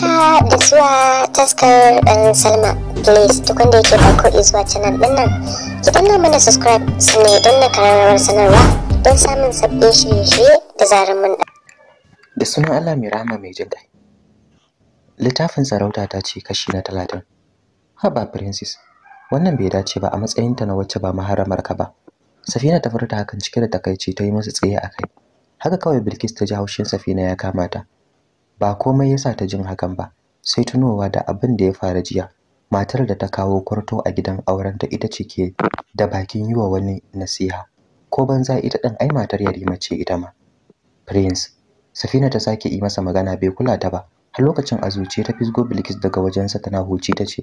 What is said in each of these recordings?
haka ah, da zuwa taskar ɗan um, salma please duk wanda yake farko izuwa canal ɗin nan ki danna mana subscribe sannan don na kararrawar sanarwa don samun sabbin shirye-shirye da zarar mun da da sunan allah mai rama mai jin kai littafin sarauta ta ce kashi na talatin haba princess wannan bai dace ba a matsayinta na wacce ba maharamar ka ba safina ta furta hakan cike da takaici ta yi masa tsaye a kai haka kawai bilkis ta ji haushin safina ya kamata. ba komai yasa ta jin hakan ba sai tunowa da abin da ya faru jiya matar da ta kawo kwarto a gidan auren ta ita ce ke da bakin yiwa wani nasiha ko banza ita din ai matar yarima ce ita ma prince safina ta sake yi masa magana bai kula ta ba har lokacin a zuciya ta fisgo bilkis daga wajensa tana huci ta ce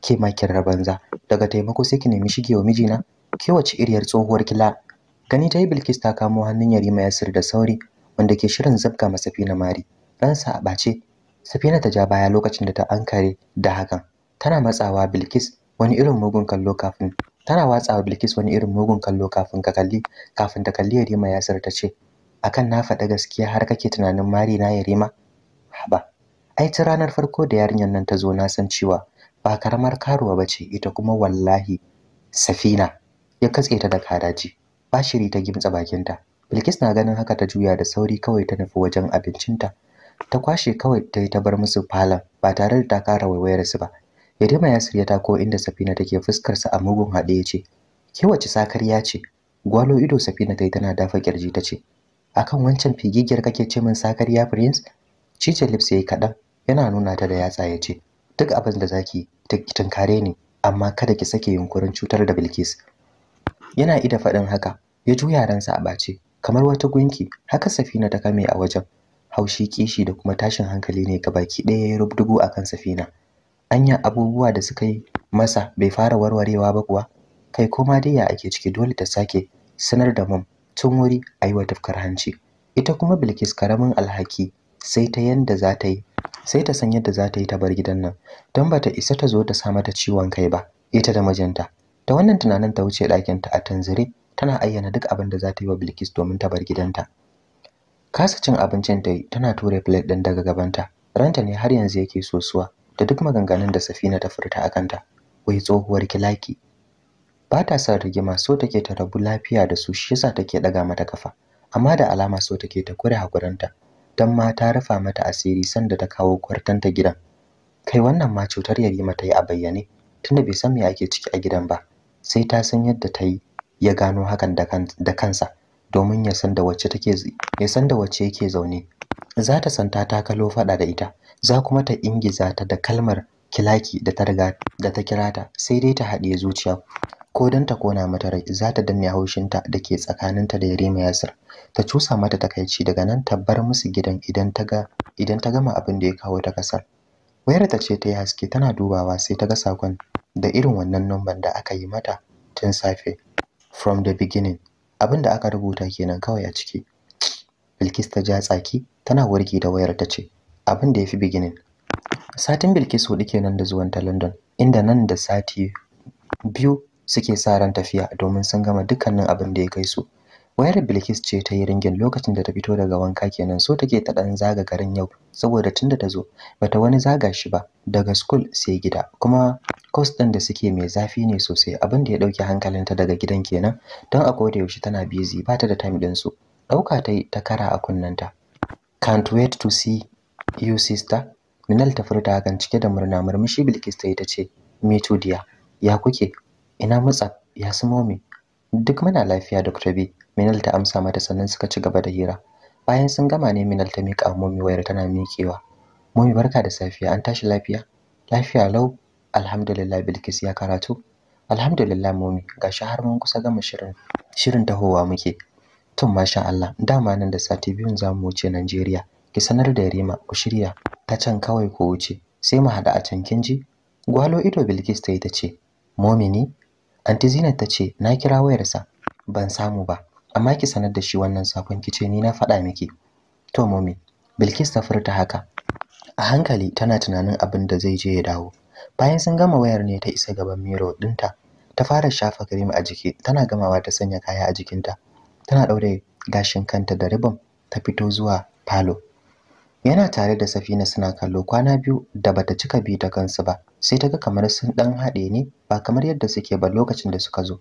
ke ma kin banza daga taimako sai ki nemi shigewa mijina ke wace iriyar tsohuwar kila gani ta yi bilkis ta kamo hannun yarima yasir da sauri wanda ke shirin zabga masa Safina mari ɗansa a ɓace safina ta ja baya lokacin da ta ankare da hakan tana matsawa bilkis wani irin mugun kallo kafin tana watsawa bilkis wani irin mugun kallo kafin ka kalli kafin ta kalli yarima ya ta ce akan na faɗa gaskiya har kake tunanin mari na yarima haba ai ta ranar farko da yarinyar nan ta zo na san cewa ba karamar karuwa ba ce ita kuma wallahi safina ya katse ta da karaji bashiri ta gimtsa bakinta bilkis na ganin haka ta juya da sauri kawai ta nufi wajen abincinta ta kwashe kawai ta yi ta bar musu falon ba tare da ta kara waiwayar su ba yadima yasir ta ko inda safina take fuskar sa a mugun haɗe ya ce ke wace sakarya ce gwalo ido safina ta yi tana dafa kirji ta ce akan wancan figigiyar kake ce min sakarya prince cice lips yayi kaɗan yana nuna ta da yatsa ya ce duk abin da zaki tunkare ni amma kada ki sake yunkurin cutar da bilkis yana ida faɗin haka ya juya ransa a ɓace kamar wata gunki haka safina ta kame a wajen haushi kishi da kuma tashin hankali ne ga baki ɗaya ya rubdugu akan safina anya abubuwa da suka yi masa bai fara warwarewa ba kuwa kai koma dai ya ake ciki dole ta sake sanar da mum tun wuri a yi wa tafkar hanci ita kuma bilkis karamin alhaki sai ta yanda za ta yi sai ta san yadda za ta yi ta bar gidan nan don ba ta isa ta zo ta sa mata ciwon kai ba ita da mijinta ta wannan tunanin ta wuce ɗakinta a tanzire tana ayyana duk abin da za ta yi wa bilkis domin ta bar gidanta kasa cin abincin ta yi tana tura plate din daga gabanta ranta ne har yanzu yake sosuwa da duk maganganun da safina ta furta a kanta wai tsohuwar kilaki ba ta son rigima so take ta rabu lafiya da su shi yasa take daga mata kafa amma da alama so take ta kure hakuranta dan ma ta rufa mata asiri sanda ta kawo ta gidan kai wannan ma cutar yarima mata yi a bayyane tunda bai san me ake ciki a gidan ba sai ta san yadda ta yi ya gano hakan da kansa domin ya san da wacce take ya san da wacce yake zaune za ta santa ta kalo fada da ita za kuma ta ingiza ta da kalmar kilaki da ta riga da ta kira ta sai dai ta haɗiye zuciya ko don ta kona mata rai za ta danne haushinta da ke tsakaninta da Yarima Yasir ta cusa mata takaici daga nan ta bar musu gidan idan ta ga idan ta gama abin da ya kawo ta kasar wayar ta ce ta yi haske tana dubawa sai ta ga sakon da irin wannan numban da aka yi mata tun safe from the beginning abin da aka rubuta kenan kawai a ciki Bilkis ta ja tsaki tana warki da wayar ta ce abin da ya fi beginning satin Bilkis hudu kenan da zuwan ta London inda nan da sati biyu suke sa ran tafiya domin sun gama dukkanin abin da ya kai su wayar bilkis ce ta yi ringin lokacin da ta fito daga wanka kenan so take ta dan zaga garin yau saboda tunda ta zo bata wani zaga shi ba daga school sai gida kuma course din da suke mai zafi ne sosai abin da ya dauki hankalinta daga gidan kenan don a koda yaushe tana busy bata da time din su dauka ta ta kara a kunnanta can't wait to see you sister Minal ta furta hakan cike da murna murmushi Bilkis ta yi ta ce me to dia ya kuke ina matsa ya sumo me duk muna lafiya Dr. B Minal ta amsa mata sannan suka ci gaba da hira. Bayan sun gama ne Minal ta miƙa Momi wayar tana miƙewa. Momi barka da safiya, an tashi lafiya? Lafiya lau, alhamdulillah Bilkis ya karatu. Alhamdulillah Momi, gashi har mun kusa gama shirin shirin tahowa muke. Tun masha Allah, dama nan da sati biyun za mu wuce Najeriya. Ki sanar da Rima, ku shirya ta can kawai ku wuce, sai mu haɗu a can kin ji? Gwalo ido Bilkis ta yi ta ce, Momi ni? Anti Zinat ta ce, na kira wayarsa, ban samu ba. amma ki sanar da shi wannan sakon kice ni na faɗa miki to mommy Bilkis ta furta haka a hankali tana tunanin abin da zai je ya dawo bayan sun gama wayar ne ta isa gaban miro dinta ta fara shafa cream a jiki tana gamawa ta sanya kaya a jikinta tana daure gashin kanta da ribon ta fito zuwa falo yana tare da safina suna kallo kwana biyu da bata cika bi ta kansu ba sai ta ga kamar sun dan haɗe ne ba kamar yadda suke ba lokacin da suka zo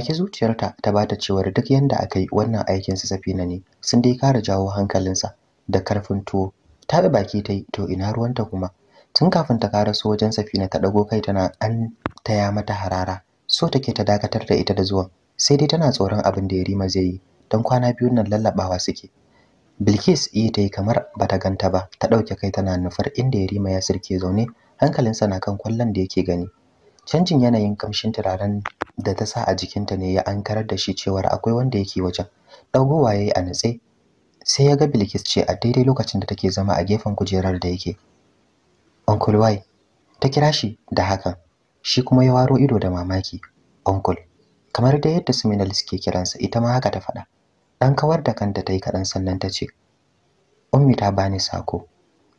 take zuciyarta ta bata cewar duk yanda aka yi wannan aikin su safina ne sun dai kara jawo hankalinsa da karfin tuwo ta bi baki ta yi to ina ruwanta kuma tun kafin ta kara su wajen safina ta ɗago kai tana an taya mata harara so take ta dakatar da ita da zuwan sai dai tana tsoron abin da yarima zai yi don kwana biyu nan lallaɓawa suke bilkis iya ta yi kamar bata ganta ba ta ɗauke kai tana nufar inda yarima ya sirke zaune hankalinsa na kan kwallon da yake gani canjin yanayin kamshin turaren da ta sa a jikinta ne ya ankarar da shi cewar akwai wanda yake wajen ɗagowa ya yi a natse sai ya ga bilkis ce a daidai lokacin da take zama a gefen kujerar da yake uncle Why ta kira shi da hakan shi kuma ya waro ido da mamaki uncle kamar da yadda seminalist suke kiransa ita ma haka ta faɗa ɗan kawar da kanta ta yi kaɗan sannan ta ce ummi ta bani sako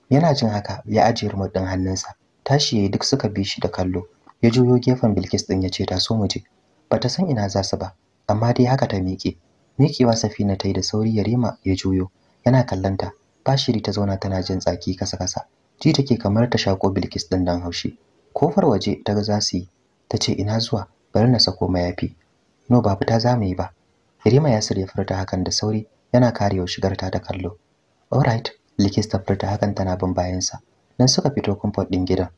yana jin haka ya ajiye rumuɗin ɗin hannunsa tashi yi duk suka bi shi da kallo ya juyo gefen Bilkis din ya ce ta so mu je bata san ina za su ba amma dai haka ta miƙe miƙewa Safina ta yi da sauri Yarima ya juyo yana kallanta Bashiri ta zauna tana jin tsaki kasa kasa ji take kamar ta shako Bilkis din dan haushi kofar waje ta ga za su yi ta ce ina zuwa bari na sako mayafi no babu ta za mu yi ba Yarima ya sirya furta hakan da sauri yana kare karewa shigar ta da kallo alright Likis ta furta hakan tana bin bayansa nan suka fito comfort din gidan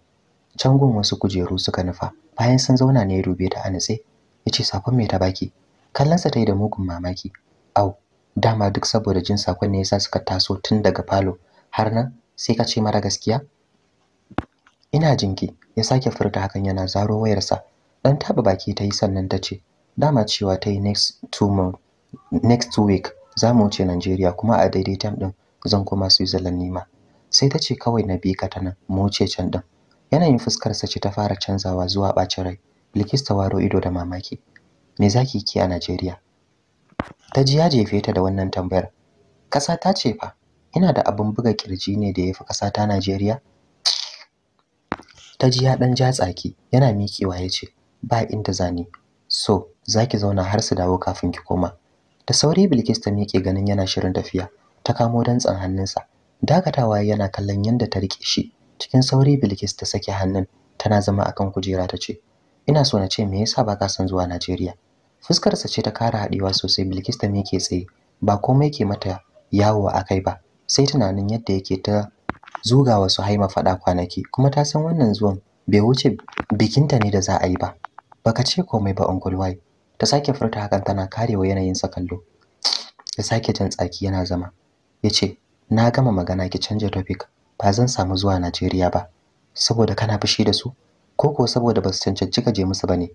Cangon wasu kujeru suka nufa bayan sun zauna ne ya ta a nutse ya ce sakon me ta baki kallonsa ta yi da mugun mamaki au dama duk saboda jin sakon ne yasa suka taso tun daga falo har nan sai ka ce mara gaskiya ina jinki ya sake furta hakan yana zaro wayarsa dan taba baki ta yi sannan ta ce dama cewa ta yi next two month next two week za mu wuce Najeriya kuma a daidai time din zan koma Switzerland nima sai ta ce kawai na bi ta nan mu wuce can din Yanayin fuskarsa ce ta fara canzawa zuwa ɓacin rai. Bilkis waro ido da mamaki. Me zaki ki a Najeriya? Ta ji ya jefe ta da wannan tambayar. Ƙasa ta ce fa, ina da abin buga kirji ne da ya fi ƙasa ta Najeriya? Ta ji ya ɗan ja tsaki, yana miƙewa ya ce, ba inda zani. So, za ki zauna har su dawo kafin ki koma. Da sauri Bilkis ta miƙe ganin yana shirin tafiya, ta kamo dantsan hannunsa. Dakatawa yana kallon yadda ta riƙe shi, cikin sauri bilkis ta sake hannun tana zama akan kujera ta ce ina so na ce me yasa ba ka son zuwa najeriya fuskarsa ce ta kara haɗewa sosai bilkis ta meke tsaye ba komai ke mata yawo a kai ba sai tunanin yadda yake ta zuga wa haima faɗa kwanaki kuma ta san wannan zuwan bai wuce bikinta ne da za a yi ba baka ce komai ba ungulwai ta sake furta hakan tana karewa yanayin sa kallo ya sake jin tsaki yana zama yace na gama magana ki canja topic ba zan samu zuwa Najeriya ba saboda kana fushi da su ko ko saboda ba su cancanci ka je musu bane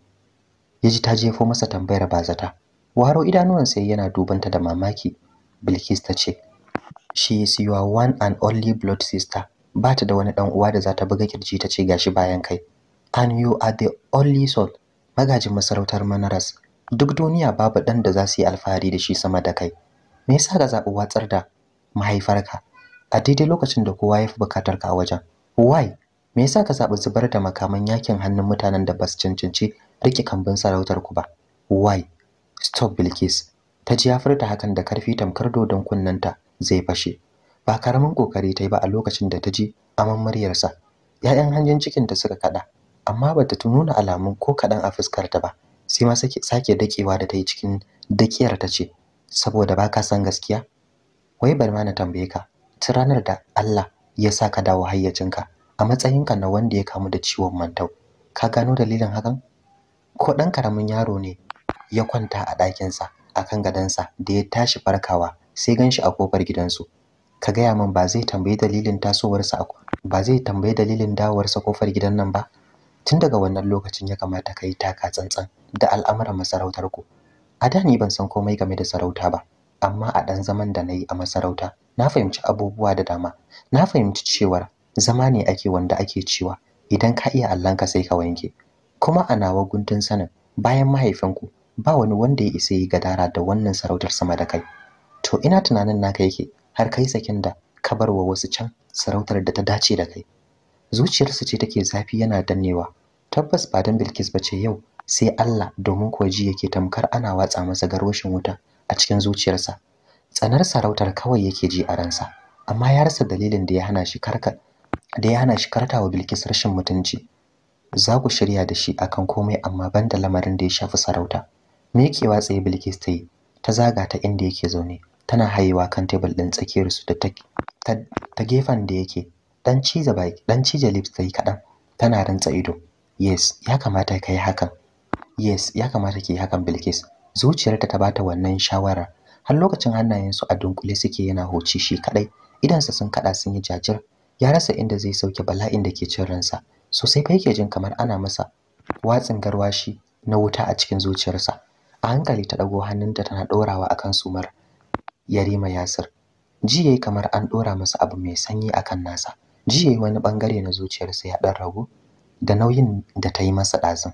yaji ta jefo masa tambayar bazata waro idanuwan sai yana dubanta da mamaki Bilkis ta ce she is your one and only blood sister ba ta da wani dan uwa da za ta buga kirji ta ce gashi bayan kai and you are the only son magajin masarautar Manaras duk duniya babu dan da za su yi alfahari da shi sama da kai me yasa ka zaɓi watsar da mahaifarka a daidai lokacin da kowa ya fi bukatar ka a wajen why me yasa ka zaɓi zubar da makaman yakin hannun mutanen da ba su cancanci rike kambin sarautar ku ba why stop bilkis ta ji ya furta hakan da karfi tamkar dodon kunnanta zai fashe ba karamin kokari ta yi ba a lokacin da ta ji aman muryarsa ‘ya'yan cikin cikinta suka kaɗa amma ba ta nuna alamun ko kaɗan a fuskarta ba sai ma sake dakewa da ta yi cikin dakiyar ta ce saboda ba ka san gaskiya wai bari ma na tambaye ka tun ranar da Allah ya sa ka dawo hayyacinka a matsayinka na wanda ya kamu da ciwon mantau ka gano dalilin hakan ko ɗan karamin yaro ne ya kwanta a ɗakinsa akan gadonsa da ya tashi farkawa sai ganshi a kofar gidansu ka gaya min ba zai tambayi dalilin tasowarsa ba zai tambayi dalilin dawowarsa kofar gidan nan ba tun daga wannan lokacin ya kamata ka yi taka tsantsan da al'amuran masarautarku a da ni ban san komai game da sarauta ba amma a ɗan zaman da na yi a masarauta na fahimci abubuwa da dama na fahimci cewar zama ne ake wanda ake cewa idan ka iya allanka sai ka wanke kuma a nawa guntun sanin bayan mahaifinku ba wani wanda ya isa yi gadara da wannan sarautar sama da kai to ina tunanin naka yake har kai sakin da ka bar wa wasu can sarautar da ta dace da kai zuciyarsu ce take zafi yana dannewa tabbas ba don bilkis ba ce yau sai Allah domin koji yake tamkar ana watsa masa garwashin wuta a cikin zuciyarsa tsanar sarautar kawai yake ji a ransa amma ya rasa dalilin da ya hana shi karka da ya hana shi kartawa Bilkis rashin mutunci za ku shirya da shi akan komai amma banda lamarin da ya shafi sarauta me yake watsaye Bilkis ta ta zaga ta inda yake zaune tana hayewa kan tebul din tsakiyar su da ta gefen da yake dan ciza baki dan cije lips ta kadan tana rantsa ido yes ya kamata kai hakan yes ya kamata ki hakan Bilkis zuciyarta ta bata wannan shawarar har lokacin hannayensu a dunkule suke yana hoci shi kadai idansa sun kada sun yi jajir ya rasa inda zai sauke bala'in da ke cin ransa sosai fa yake jin kamar ana masa watsin garwashi na wuta a cikin zuciyarsa a hankali ta dago hannunta tana dorawa akan sumar yarima yasir ji yayi kamar an dora masa abu mai sanyi akan nasa ji yayi wani bangare na zuciyarsa ya dan ragu da nauyin da ta yi masa ɗazun.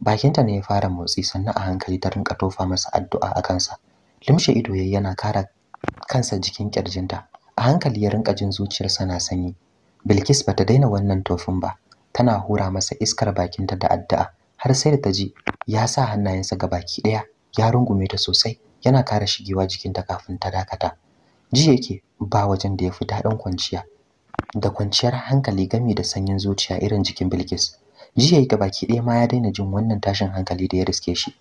bakinta ne ya fara motsi sannan a hankali ta rinka tofa masa addu'a a kansa limshe ido yayi yana kara kansa jikin kirjinta a hankali ya rinka jin zuciyar na sanyi bilkis bata daina wannan tofin ba tana hura masa iskar bakinta da addu'a har sai da ta ji ya sa hannayensa ga baki daya ya rungume ta sosai yana kara shigewa jikinta kafin ta dakata ji yake ba wajen da ya fi daɗin kwanciya da kwanciyar hankali gami da sanyin zuciya irin jikin bilkis jiya ga baki ɗaya ma ya daina jin wannan tashin hankali da ya riske shi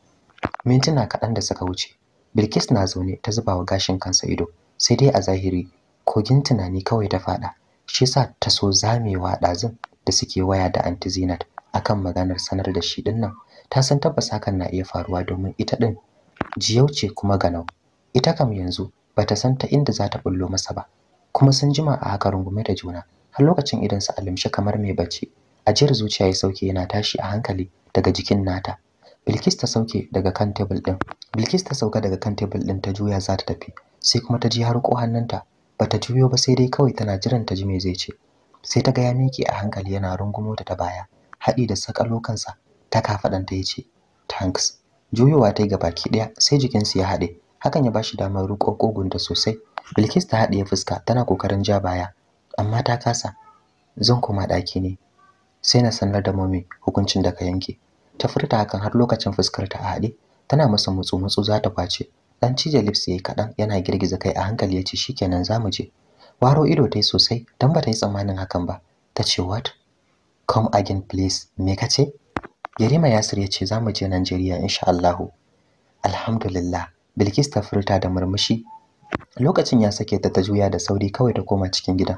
mintuna kaɗan da suka wuce bilkis na zaune ta zuba wa gashin kansa ido sai dai a zahiri kogin tunani kawai ta faɗa shi sa ta so zamewa ɗazun da suke waya da anti zinat akan maganar sanar da shi ɗin nan ta san tabbas hakan na iya faruwa domin ita ɗin jiyau ce kuma ganau ita kam yanzu ba ta san ta inda za ta bullo masa ba kuma sun jima a haka rungume da juna har lokacin idan su alimshi kamar mai bacci ajiyar zuciya ya sauke yana tashi a hankali daga jikin nata Bilkis ta sauke daga kan tebul din Bilkis ta sauka daga kan tebul din ta juya za ta tafi sai kuma ta ji har ko hannunta bata juyo ba sai dai kawai tana jiran ta ji me zai ce sai ta ga ya miƙe a hankali yana rungumo ta baya haɗi da sakalo kansa ta kafaɗanta ya ce thanks juyowa ta yi ga baki ɗaya sai jikinsu ya haɗe hakan ya bashi damar riƙo ƙugunta sosai bilkis ta haɗe fuska tana ƙoƙarin ja baya amma ta kasa zan koma ɗaki ne sai na sanar da mami hukuncin da ka yanke ta furta hakan har lokacin fuskar ta a haɗe tana masa mutsu mutsu za ta kwace dan cije lips yayi kaɗan yana girgiza kai a hankali ya ce kenan za mu je waro ido ta yi sosai dan ba ta yi tsammanin hakan ba ta ce what come again please me ka ce yarima yasir ya ce za mu je najeriya insha allahu alhamdulillah bilkis ta furta da murmushi lokacin ya sake ta ta juya da sauri kawai ta koma cikin gidan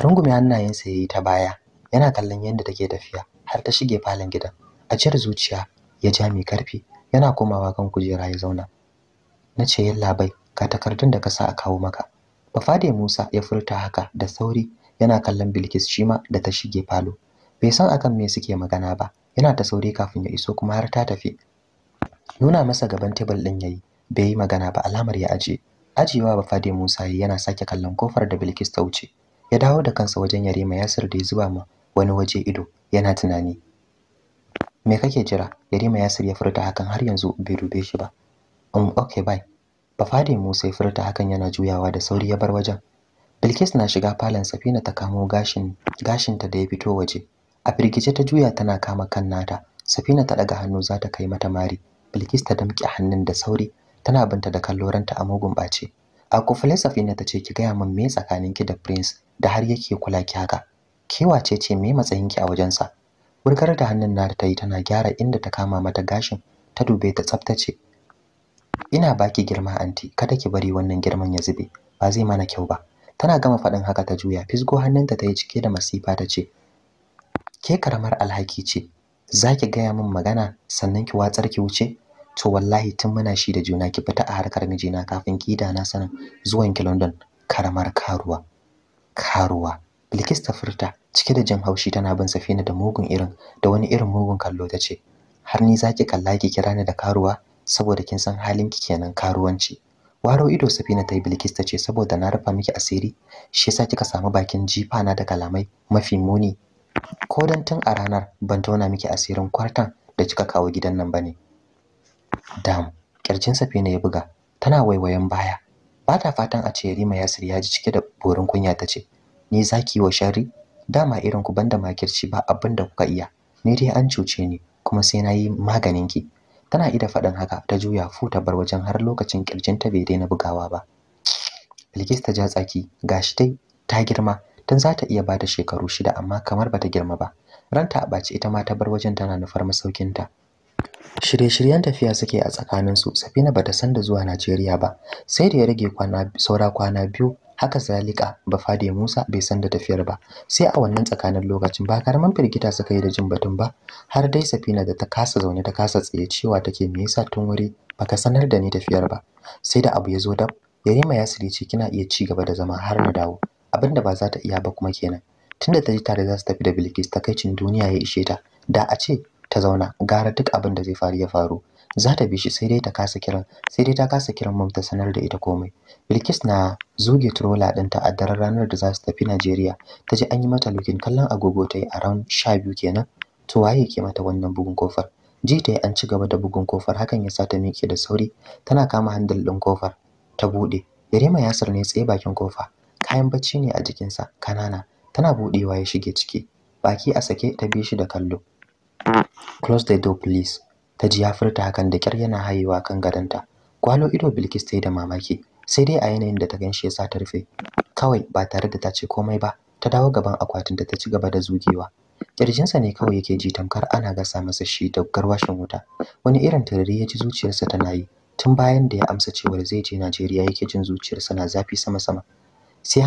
rungume hannayensa yayi ta baya yana kallon yadda take tafiya har ta shige falon gidan A cikin zuciya ya ja mai karfi yana komawa kan kujera ya zauna na ce yalla bai ka takardun da ka sa a kawo maka bafade musa ya furta haka da sauri yana kallon bilkis shima da ta shige falo bai san akan me suke magana ba yana ta sauri kafin ya iso kuma har ta tafi nuna masa gaban tebul din yayi bai yi magana ba alamar ya aje ajiyewa bafade musa yana sake kallon kofar da bilkis ta wuce ya dawo da kansa wajen yarima yasir da ya zuba ma wani waje ido yana tunani me kake jira yarima ya ya furta hakan har yanzu bai dube shi ba um okay bye bafade mu sai furta hakan yana juyawa da sauri ya bar wajen bilkis na shiga falon safina ta kamo gashin gashinta da ya fito waje a firgice ta juya tana kama kan nata safina ta daga hannu za ta kai mata mari bilkis ta damƙe hannun da sauri tana binta da kalloranta a mugun ɓace a kufle safina ta ce ki gaya min me tsakaninki da prince da har yake kula ki haka ke wace ce me ki a wajensa wurgar da hannun na ta yi tana gyara inda ta kama mata gashin ta dube ta tsaftace ina baki girma anti kada ki bari wannan girman ya zube ba zai mana kyau ba tana gama faɗin haka ta juya fisgo hannunta ta yi cike da masifa ta ce ke karamar alhaki ce za ki gaya min magana sannan ki watsar ki wuce to wallahi tun muna shi da juna ki fita a harkar mijina kafin ki da na sanin zuwan ki London karamar karuwa karuwa Bilkis ta furta cike da jin haushi tana bin Safina da mugun irin da wani irin mugun kallo ta ce har ni zaki kalla ki kira ni da karuwa saboda kin san halin ki kenan karuwanci waro ido Safina ta yi Bilkis ta ce saboda na rufa miki asiri shi yasa kika samu bakin jifa na da kalamai mafi muni ko dan tun a ranar ban tona miki asirin kwartan da kika kawo gidan nan bane dam kirjin Safina ya buga tana waiwayen baya Bata fatan a ce Yarima Yasir ya ji cike da borin kunya ta ce ni zaki wa shari dama irin ku banda makirci ba abin da kuka iya ni dai an cuce ni kuma sai na yi maganin ki tana ida faɗin haka ta juya futa bar wajen har lokacin kirjin ta bai daina bugawa ba Bilkis ta ja tsaki gashi dai ta girma tun za ta iya ba da shekaru shida amma kamar ba ta girma ba ranta a ɓaci ita ma ta bar wajen tana nufar masaukinta shirye-shiryen tafiya suke a tsakaninsu safina bata san da zuwa najeriya ba sai da ya rage saura kwana biyu haka zalika bafade Musa bai san da tafiyar ba sai a wannan tsakanin lokacin ba karaman firgita suka yi da jin batun ba har dai safina da ta kasa zaune ta kasa tsaye cewa take me yasa tun wuri baka sanar da ni tafiyar ba sai da abu ya zo dab Yarima ya ce kina iya ci gaba da zama har na dawo abinda ba za ta iya ba kuma kenan tunda ta ji tare za su tafi da Bilkis takaicin duniya ya ishe ta da a ce ta zauna gara duk abin da zai faru ya faru za ta bi shi sai dai ta kasa kiran sai dai ta kasa kiran mom sanar da ita komai Bilkis na zuge trola ta a daren ranar da za su tafi Najeriya ta ji an yi mata lokin. kallon agogo ta yi a ran sha biyu kenan to waye ke mata wannan bugun kofar ji ta yi an ci gaba da bugun kofar hakan ya sa ta miƙe da sauri tana kama handal ɗin kofar ta buɗe Yarema Yasir ne tsaye bakin kofa kayan bacci ne a jikinsa kanana tana buɗewa ya shige ciki baki a sake ta bi shi da kallo close the door please ta ji ya furta hakan da kyar yana hayewa kan gadonta kwalo ido bilkis ta yi da mamaki sai dai a yanayin da ta ganshi ya sa ta rufe kawai ba tare da ta ce komai ba ta dawo gaban akwatin da ta ci gaba da zugewa Ƙirjinsa ne kawai yake ji tamkar ana gasa masa shi da garwashin wuta wani irin tururi ya ji zuciyarsa tana yi tun bayan da ya amsa cewar zai je Najeriya yake jin zuciyarsa na zafi sama-sama sai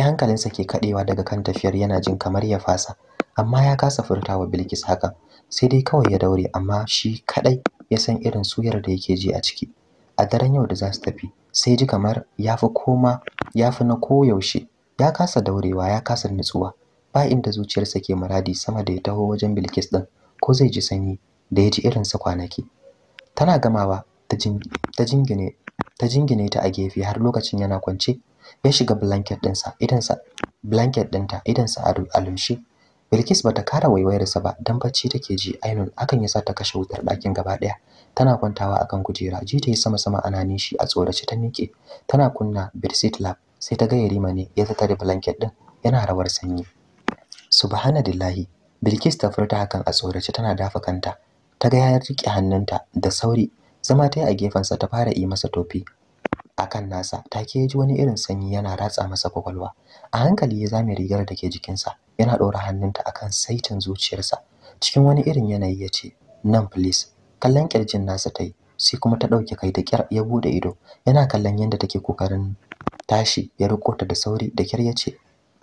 hankalinsa ke kaɗewa daga kan tafiyar yana jin kamar ya fasa amma ya kasa furta wa Bilkis hakan sai dai kawai ya daure amma shi kadai ya san irin suyar da yake ji a ciki a daren yau da za su tafi sai ji kamar fi koma yafi na koyaushe ya kasa daurewa ya kasa nutsuwa ba inda zuciyarsa ke muradi sama da ya taho wajen Bilkis din ko zai ji sanyi da ya ji irin sa kwanaki tana gamawa ta jingine ta jingine ta a gefe har lokacin yana kwance ya shiga blanket dinsa sa blanket dinta sa a lumshe Bilkis bata kara waiwayarsa ba dan bacci take ji ainun hakan yasa ta kashe wutar ɗakin gaba ɗaya. Tana kwantawa akan kujera, ji ta yi sama-sama ana nishi a tsorace ta miƙe. Tana kunna bedsheet lab sai ta ga Yarima ne ya tattare blanket ɗin yana rawar sanyi. Subhanallahi, Bilkis ta furta hakan a tsorace tana dafa kanta. Ta ga ya rike hannunta da sauri, zama ta yi a gefensa ta fara yi masa tofi. akan nasa take ji wani irin sanyi yana ratsa masa kwakwalwa a hankali ya zame rigar da ke jikinsa yana ɗora hannunta akan saitin zuciyarsa cikin wani irin yanayi ya ce nan please kallon kirjin nasa ta yi sai kuma ta ɗauke kai da kyar ya buɗe ido yana kallon yadda take kokarin tashi ya riko ta da sauri da kyar ya ce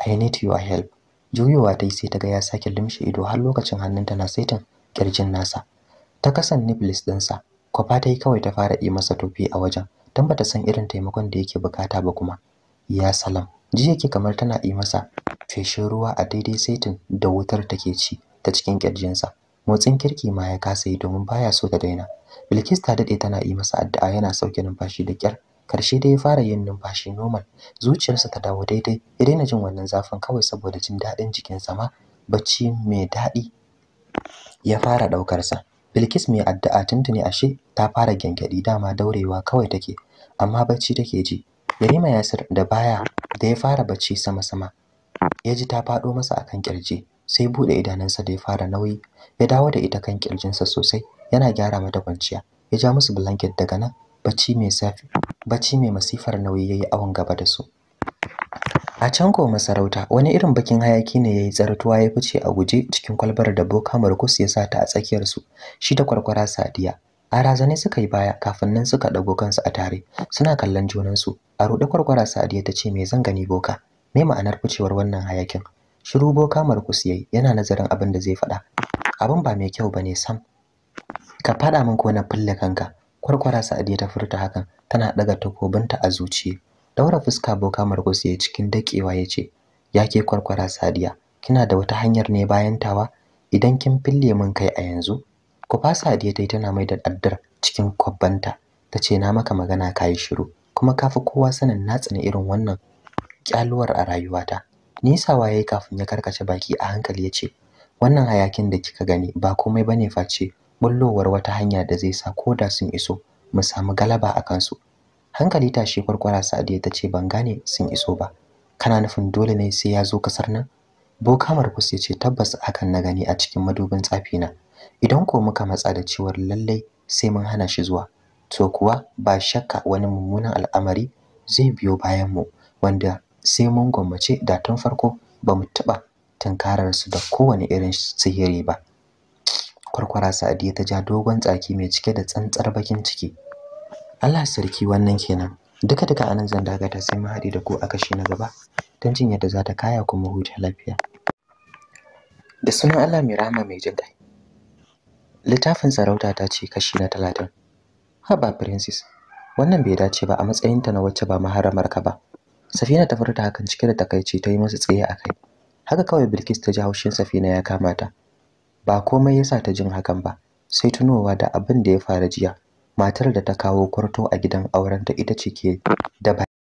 i need your help juyowa ta yi sai ta ga ya sake limshe ido har lokacin hannunta na saitin kirjin nasa ta kasan nipples ɗinsa kwafa ta yi kawai ta fara yi masa tofi a wajen don bata san irin taimakon da yake bukata ba kuma ya salam ji yake kamar tana yi masa feshin ruwa a daidai saitin da wutar take ci ta cikin kirjinsa motsin kirki ma ya kasa yi domin baya so ta daina bilkis ta dade tana yi masa addu'a yana sauke numfashi da kyar karshe dai ya fara yin numfashi normal zuciyarsa ta dawo daidai ya daina jin wannan zafin kawai saboda jin daɗin jikinsa ma bacci mai daɗi ya fara ɗaukarsa bilkis mai addu'a tuntuni ashe ta fara gyangyaɗi dama daurewa kawai take amma bacci take ji Yarima Yasir da baya da ya fara bacci sama-sama ya ji ta faɗo masa akan kirji sai bude idanunsa da ya fara nauyi ya dawo da ita kan kirjinsa sosai yana gyara mata kwanciya ya ja musu blanket daga nan bacci mai safi bacci mai masifar nauyi yayi awon gaba da su a can ko masarauta wani irin bakin hayaki ne yayi tsartuwa ya fice a guje cikin kwalbar da boka Markus ya sa ta a tsakiyar su shi da kwarkwara Sadiya a razane suka yi baya kafin nan suka ɗago kansu a tare suna kallon junansu a ruɗe kwarkwara Sadiya ta ce me zan gani boka me ma'anar ficewar wannan hayakin shiru boka markus yayi yana nazarin abin da zai faɗa abin ba mai kyau bane sam ka faɗa min ko na fulle kanka kwarkwara Sadiya ta furta hakan tana ɗaga takobinta a zuciya daura fuska boka markus yayi cikin dakewa yace ya ke kwarkwara Sadiya? kina da wata hanyar ne bayan tawa idan kin fille min kai a yanzu ba Hadiya ta yi tana mai da addar cikin kwabbanta. Ta ce na maka magana ka yi shiru kuma ka fi kowa sanin na tsani irin wannan kyaluwar a rayuwata. Nisa ya kafin ya karkace baki a hankali ya ce wannan hayakin da kika gani ba komai ba ne face bullowar wata hanya da zai sa ko da sun iso mu samu galaba a kansu. Hankali ta shi kwarkwara Sadiya ta ce ban gane sun iso ba. Kana nufin dole ne sai ya zo kasar nan? Boka Markus ya ce tabbas hakan na gani a cikin madubin tsafina. idan ko muka matsa da cewar lallai sai mun hana shi zuwa to kuwa ba shakka wani mummunan al'amari zai biyo bayan mu wanda sai mun gwammace da tun farko ba mu taɓa tunkarar su da kowane irin sihiri ba kwarkwara sa'adiya ta ja dogon tsaki mai cike da tsantsar bakin ciki Allah sarki wannan kenan duka duka anan zan dagata sai mun haɗe da ku a kashi na gaba don jin yadda za ta kaya kuma huta lafiya da sunan Allah mai rama mai jin littafin sarauta ta ce kashi na talatin haba princess wannan bai dace ba a matsayinta na wacce ba maharamar ka ba safina ta furta hakan cike da takaici ta yi masa tsaye a kai haka kawai bilkis ta ji haushin safina ya kamata ba komai ya sa ta jin hakan ba sai tunowa da abin da ya fara jiya matar da ta kawo kwarto a gidan auren ta ita ce ke da